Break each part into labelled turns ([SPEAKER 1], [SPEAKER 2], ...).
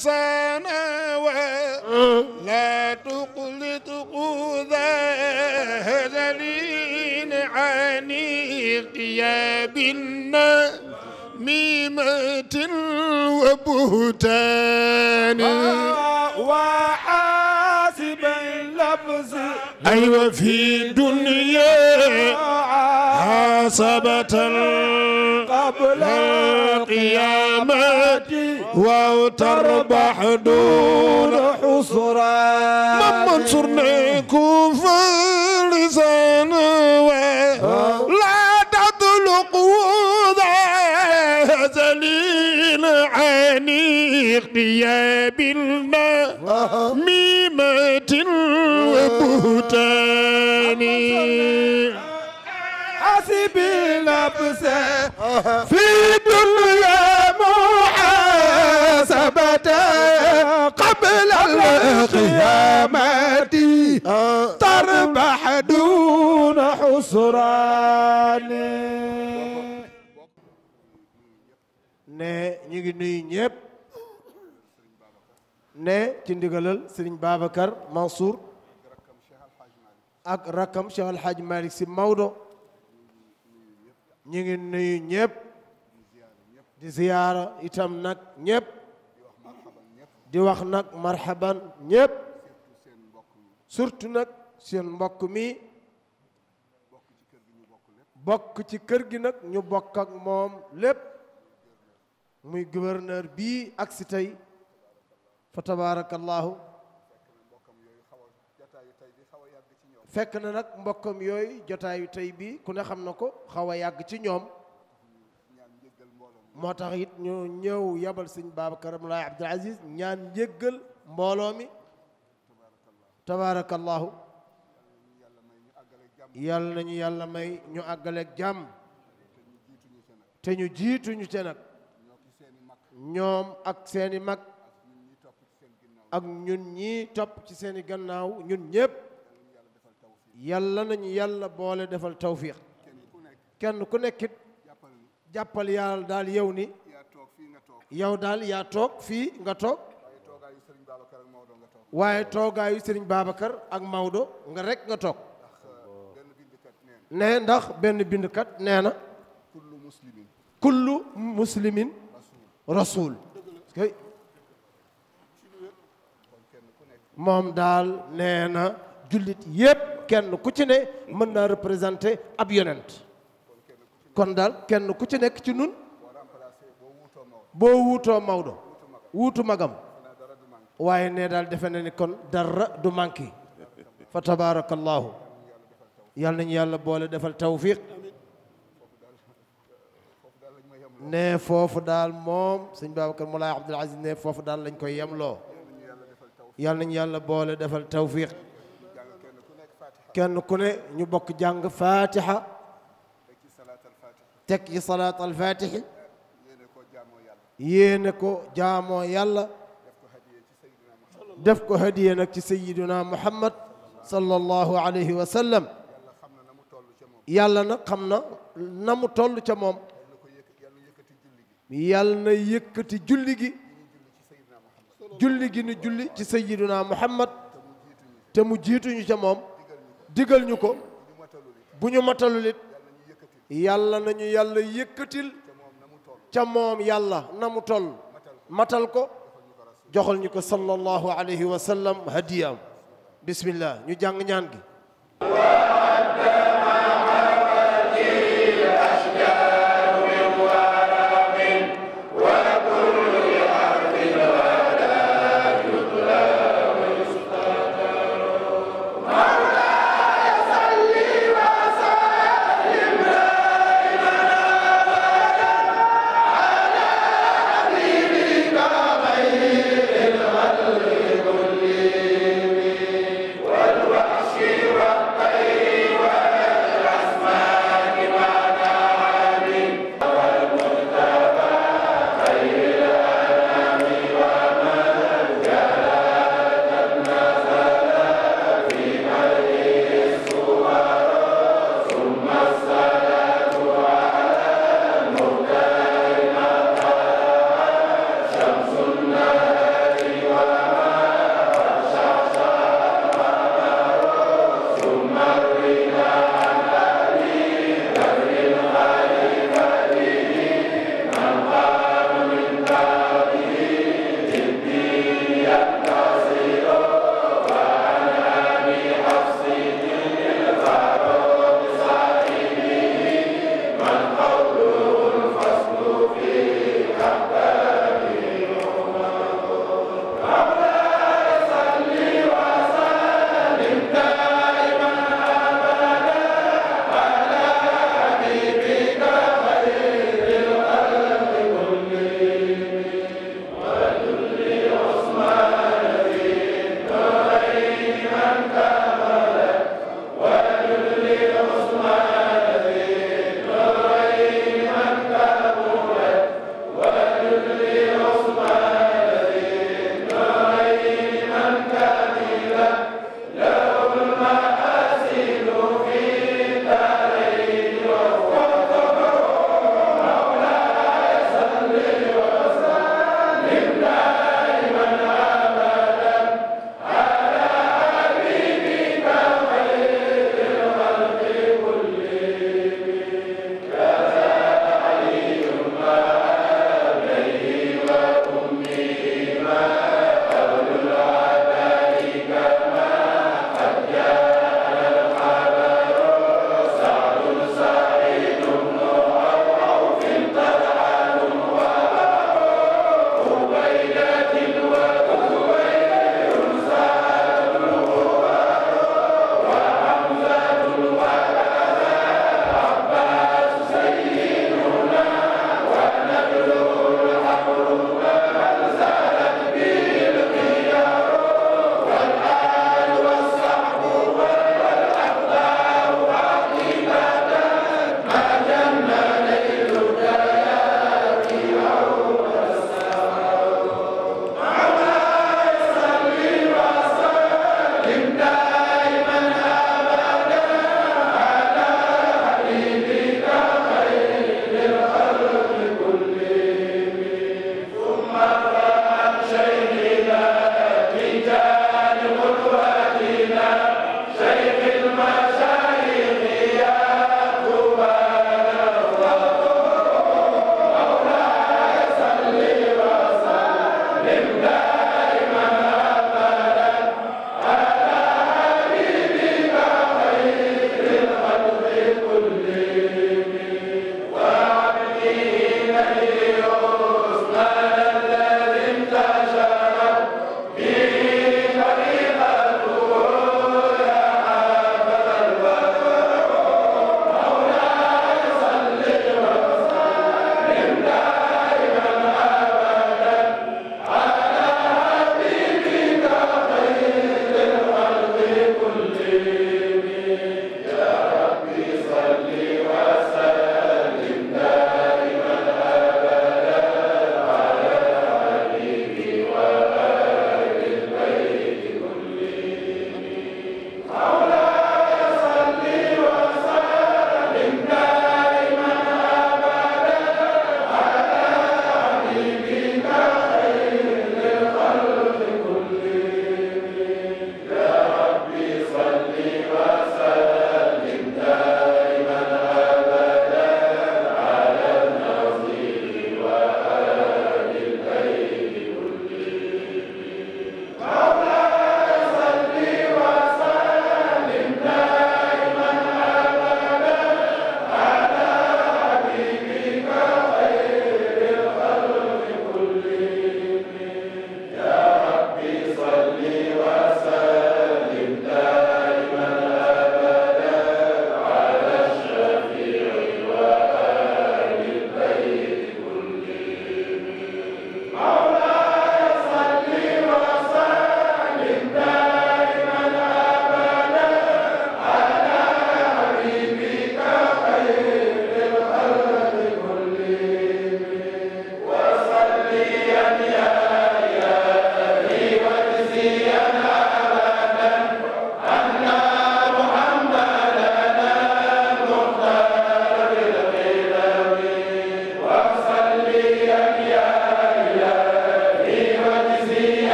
[SPEAKER 1] لسانا ولا تقلط قوذا هزلين عني قياب ميمة وبهتان آه، وحاسب اللفظ أيوة في دنيا آه، آه. حاسبة قبل القيامة وتربح دون حصرا من منصرنا كفر لسانا لا تطلق وضع زليل عن اغتياب النميمة وبهتان بنفسه في دنيا محاسبة قبل القيامة
[SPEAKER 2] تربح دون حسران ne ñu ngi nuyu ñëpp ne ci ndigalal Serigne Babacar Mansour ak rakkam Cheikh Al Hadj Malick Sy Maodo ñu ngi nuyu ñëpp di ziyaara itam nag ñëpp di wax nag marhaban ñëpp surtout nag seen mbokk mi bokk ci kër gi nag ñu bokk ak moom lépp muy gouverneur bii ak si tey fa tabaarakallahu fekk na nag mbokkam yooyu jotaayu tey bii ku ne xam na ko xaw a yàgg ci ñoom moo tax it ñu ñëw yabal sëñ Babacar Moulaye Abdoul Aziz ñaan njéggal mbooloo mi tabaarakallaahu yàlla nañu yàlla may ñu àggaleeg jàmm te ñu jiituñu te nag ñoom ak seeni mag ak ñun ñii topp ci seeni gannaaw ñun ñépp yàlla nañu yàlla boole defal tawfiq kenn ku nekkit jàppal yàlla daal yow ni yow daal yaa toog fii nga toog waaye toogaayu Serigne Babacar ak Maodo nga rek nga toog ne ndax benn bindkat nee na kullu muslimin rasul moom daal nee jullit yépp kenn ku ci ne mën naa représenter ab yonent kon daal kenn ku ci nekk ci nun boo wuutoo Maodo wuutu magam waaye ne daal defe na ni kon dara du manqué fa tabaarakallaahu yàlla nañu yàlla boole defal tawfiq ne foofu daal moom sëñ Babacar Moulay Abdoul Aziz ne foofu daal lañ koy yemloo yàlla nañu yàlla boole defal tawfiq كان كوني نبوك جانغ فاتحة تكي صلاة الفاتحة ينكو جامو يلا دفكو هدية نك سيدنا محمد صلى الله عليه وسلم يلا نقمنا نمطل جموم يلا يكتي جلجي جلجي نجلي سيدنا محمد تمجيتو نجموم digal ñu ko bu ñu matalul it yàlla nañu yàlla yëkkatil ca moom yàlla na mu toll matal ko joxal ñu ko sallallahu alayhi wa sallam hadiyaam bismillah ñu jàng ñaan gi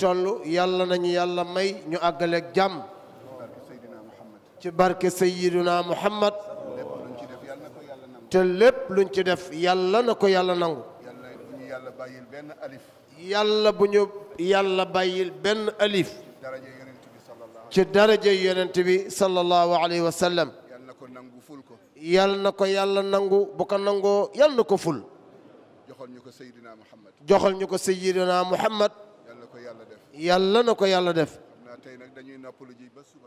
[SPEAKER 2] toll yàlla nañu yàlla may ñu àggaleeg jàmm ci barke Seyyidina Muhammad te lépp luñ ci def yàlla na ko yàlla nangu. yàlla bu ñu yàlla alif. ci daraja yonent bi sallallahu alayhi wa sallam. yàlla na ko yàlla nangu bu ko nangoo yàlla na ko ful.
[SPEAKER 3] joxal ñu ko Muhammad.
[SPEAKER 2] joxal ñu ko Muhammad. yàlla na ko yàlla def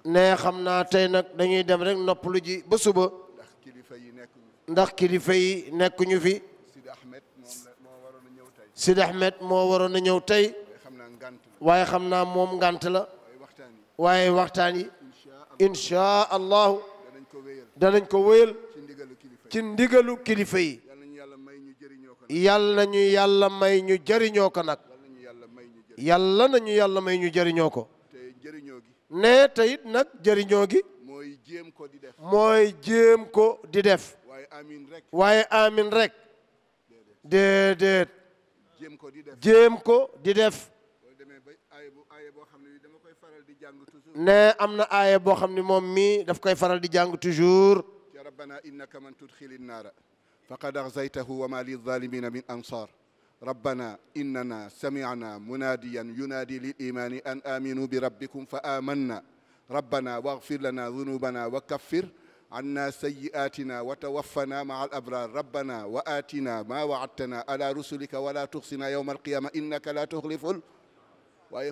[SPEAKER 2] ne xam naa tey nag dañuy dem rek noppalu ji ba suba ndax kilifa yi nekkuñu fi Sidi Ahmed moo waroon a ñëw tey waaye xam naa moom ngànt la waaye waxtaan yi inchaa allahu danañ ko wéyal ci ndigalu kilifa yi yàlla nañu yàlla may ñu jëriñoo ko nag yàlla nañu yàlla may ñu jëriñoo ko ne te it nag jëriñoo gi mooy jéem ko di def mooy jéem ko di def waaye amin rek déedéet jéem ko di def jéem ko di def ne am na aaya boo xam ne moom mii daf koy faral di jàng toujours rabbana innaka man
[SPEAKER 3] tudxili nnaara faqad axzaytahu wa ma lilzalimina min ansar ربنا إننا سمعنا مناديا ينادي للإيمان أن آمنوا بربكم فآمنا ربنا واغفر لنا ذنوبنا وكفر عنا سيئاتنا وتوفنا مع الأبرار ربنا وآتنا ما وعدتنا على رسلك ولا تخصنا يوم القيامة إنك لا تخلف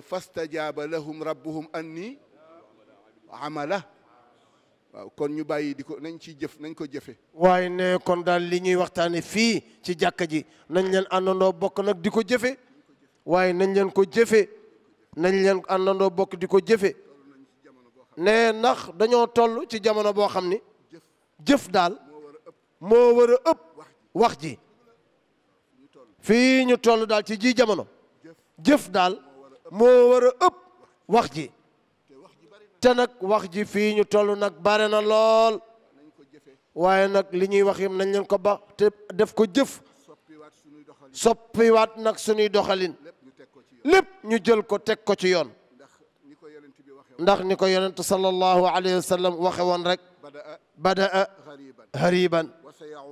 [SPEAKER 3] فاستجاب لهم ربهم أني عمله waaw kon ñu bàyyi di ko nañ ci jëf nañ ko jëfe
[SPEAKER 2] waaye ne kon daal li ñuy waxtaane fii ci jàkka ji nañ leen àndandoo bokk nag di ko jëfe waaye nañ leen ko jëfe nañ leen àndandoo bokk di ko jëfe ne ndax dañoo toll ci jamono boo xam ni jëf daal moo war a ëpp wax ji fii ñu toll daal ci ji jamono jëf daal moo war a ëpp wax ji te nag wax ji fii ñu toll nag bare na lool waaye nag li ñuy wax yëpp nañ leen ko ba te def ko jëf soppiwaat nag suñuy doxalin lépp ñu jël ko teg ko ci yoon ndax ni ko yonent sallallahu alayhi wa sallam waxe woon rek badaa hariban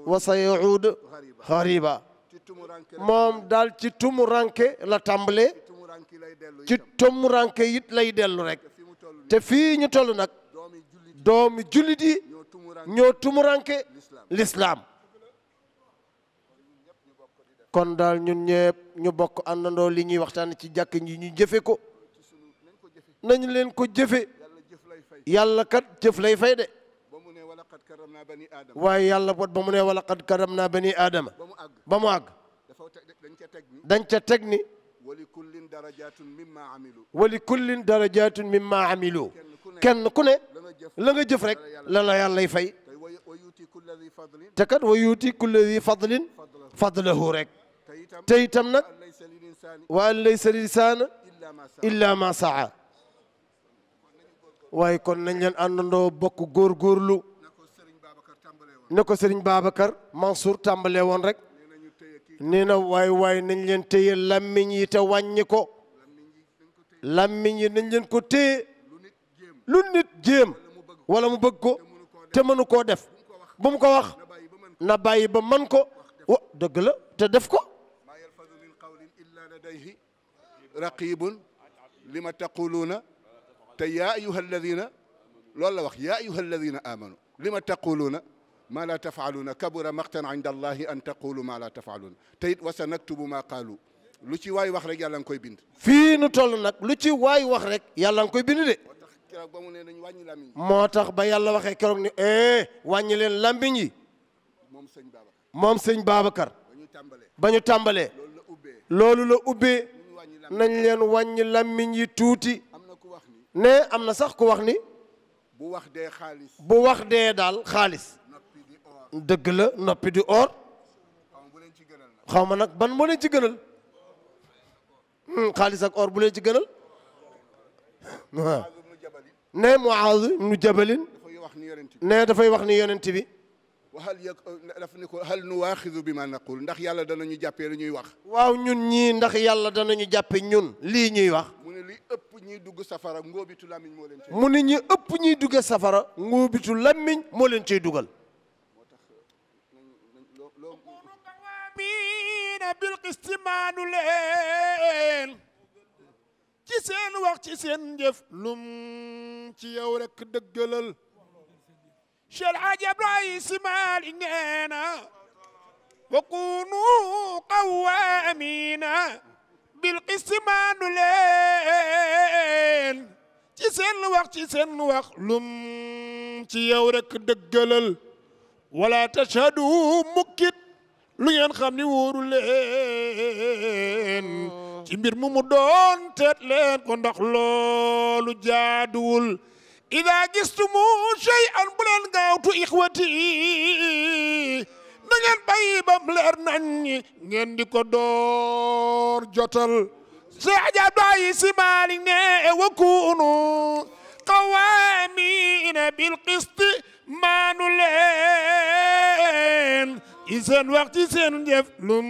[SPEAKER 2] wa sa yaud hariba moom daal ci tumuranke la tàmbale ci tumuranke it lay dellu rek te fii ñu toll nag doomi jullit yi ñoo tumuranke lislaam kon daal ñun ñëpp ñu bokk àndandoo li ñuy waxtaan ci jàkk ñi ñu jëfe ko nañu leen ko jëfe yàlla kat jëf lay fay de waaye yàlla bot ba mu ne wala qad karam naa bani aadama ba mu àgg dañ ca teg ولكل درجات مما عملوا ولكل درجات مما عملوا كن كن لا جف رك لا لا يلا يفاي تكد ويوتي كل ذي فضل فضله رك تيتم نك وان ليس الانسان الا ما سعى واي كون نين اندو بوك غور غورلو نكو سيرن بابكر تامبلي وون نكو سيرن بابكر منصور تامبلي وون رك nee way way waay len leen téye lamiñ yi te wàññi ko làmmiñ yi nañ leen ko te lu nit jem wala mu bëgg ko te mënu ko def bu mu ko wax na bàyyi ba man ko wa la te def ko
[SPEAKER 3] رقيب لما تقولون تيا ايها الذين raqibun lima taquluuna te yaa ayuha alladina loolu ما لا تفعلون كبر مقتا عند الله ان تقولوا ما لا تفعلون تيت وسنكتب ما قالوا لو شي واي واخ رك يالا نكوي
[SPEAKER 2] بند في نو تول نك لو شي واي واخ رك يالا نكوي بند دي موتاخ با يالا واخ كروك ني اي واني لين لامبيني موم سيغ بابا موم سيغ بابكر باني تامبالي لولو لا اوبي نان لين واني لامبيني توتي امنا كو واخ ني ني امنا صاح كو واخ ني
[SPEAKER 3] بو واخ دي خالص
[SPEAKER 2] بو واخ دي دال خالص dëgg la noppi di oor xaw ma nag ban moo leen ci gënal hmm, xaalis ak or bu leen ci gënal waaw ne Muaaz ibnu Jabalin ne dafay wax ni yonent bi
[SPEAKER 3] waxal yëg daf ni hal nu waaxidu bi ma naqul ndax yàlla danañu jàppee li ñuy wax waaw
[SPEAKER 2] ñun ñii ndax yàlla
[SPEAKER 3] danañu jàppe
[SPEAKER 2] ñun lii ñuy wax
[SPEAKER 3] mu ne lii ëpp ñuy dugg safara ngóobitu làmmiñ moo
[SPEAKER 2] leen mu ne ñi ëpp ñuy dugg safara ngóobitu làmmiñ moo leen ciy dugal
[SPEAKER 1] na bilqist maanu leen ci seen wax ci seen njëf lum ci yow rek dëggalal Cheikh Hadji Abdoulaye Sy Malick nee na wa kunu qawwaamina bilqist maanu leen ci seen wax ci seen wax lum ci yow rek dëggalal wala tashhadu mukkit lu ngeen xam ni wóoru leen oh. ci mbir mu mu doon teet leen ko ndax loolu jaaduwul ida gistumu shay'an bu leen gaawtu ixwati na ngeen bàyyi bam leer nañ ngeen di ko door jotal Cheikh Hadj Abdoulaye Sy Malick ne wa kuunu qawaamiina bil qist maanu leen ci seen wax ci seen jëf lum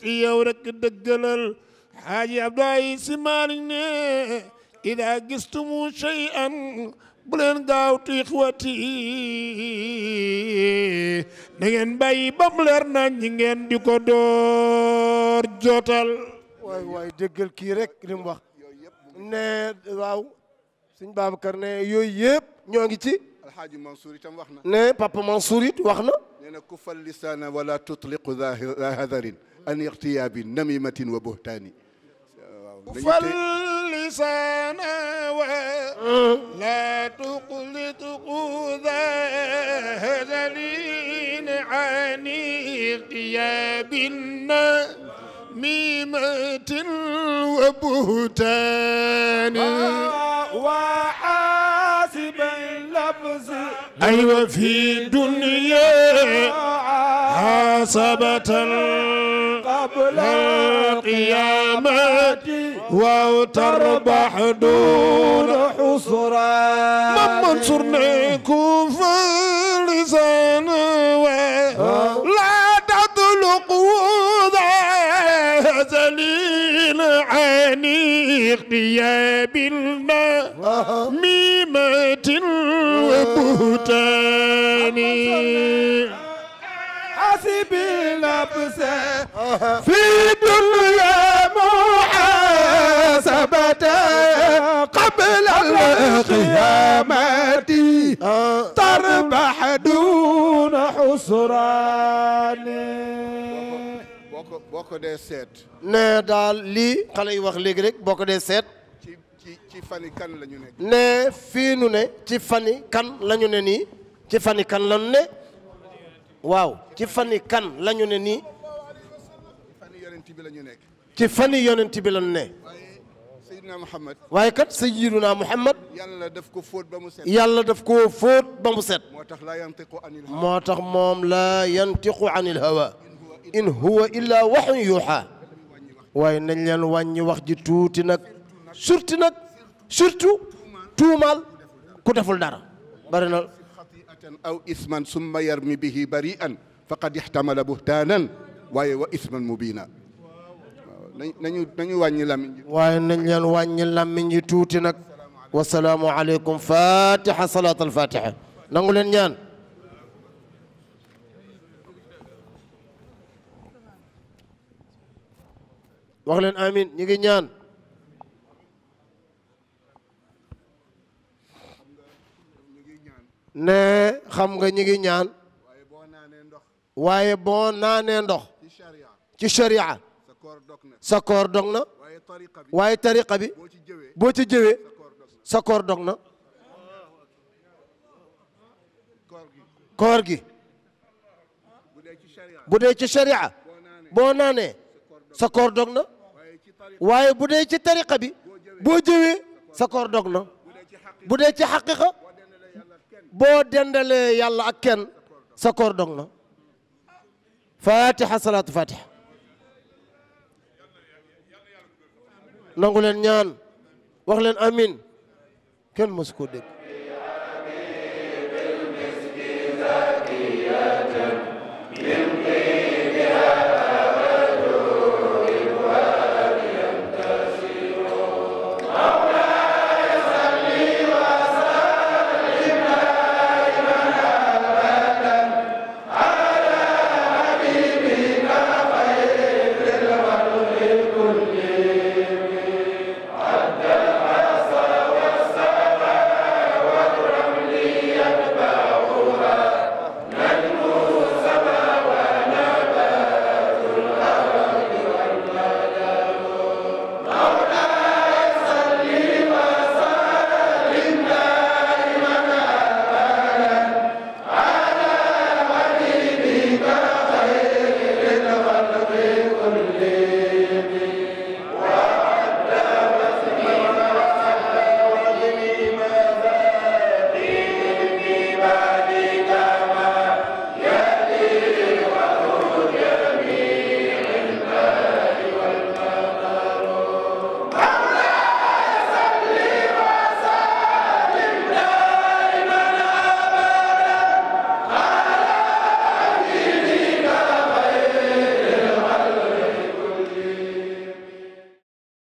[SPEAKER 1] ci yow rek dëggalal xaaji abdoulaye si maalik ne gistumu shay'an bu gaaw ti xwati na ngeen
[SPEAKER 2] bàyyi ba mu leer ñi ngeen di ko door jotal waay waay kii rek li mu wax ne waaw suñ Babacar ne yooyu yëpp ñoo ngi ci
[SPEAKER 3] alxaaji Mansour itam wax na. ne papa Mansour it wax na. nee na ku fal lisaana wala tutliqu daa hadarin an ixtiyaabi namimatin wa buhtaani. waaw
[SPEAKER 1] ku fal lisaana wa la tutliqu daa hadarin an ixtiyaabi namimatin wa buhtaani. أيوة في الدنيا حاسبة قبل القيامة وتربح دون حصرا ممن صرنا كفر لسانا آه. لقيام آه. ميمة البهتان حسب النفس آه. في دنيا محاسبة قبل القيامة
[SPEAKER 2] آه. تربح دون حسران ko dee seet. ne daal lii xale yi wax léegi rek boo ko dee seet. ci ci ci fani kan ne. ne fii ne ci fani kan lañu ne nii ci fani kan la ñu ne waaw ci fani kan lañu ne nii. ci fani yonent bi la ñu ne.
[SPEAKER 3] Seydina Muhammad. waaye kat Seydina Muhammad. yàlla daf ko fóot ba mu set. yàlla daf koo fóot ba mu set.
[SPEAKER 2] moo tax laa yantiqu anil hawa. hawa. in huwa illa waxun yuuxa waaye nañ leen wàññi wax ji tuuti nag surtout nag surtout tuumaal
[SPEAKER 3] ku deful dara bari na xatiatan aw isman summa yarmi bihi bari'an faqad ihtamala buhtaanan waaye wa isman mubina nañu nañu
[SPEAKER 2] wàññi làmmiñ ji waaye nañ leen wàññi làmmiñ ji tuuti nag wasalaamu aleykum fatiha salaat alfatiha nangu leen ñaan wax leen amin ñu ngi ñaan xam nga ñu ngi ñaan waaye boo naanee ndox ci sharia sa koor dog na waaye tariqa bi boo ci jëwee sa koor dog na koor gi bu dee ci sharia boo naanee sa koor dog na waaye bu dee ci tariqa bi boo jëwee sa dog na bu dee ci xaqiqa boo dendalee yàlla ak kenn sa dog na fatiha salaatu fatiha nangu leen ñaan wax leen amin kenn mësu koo dégg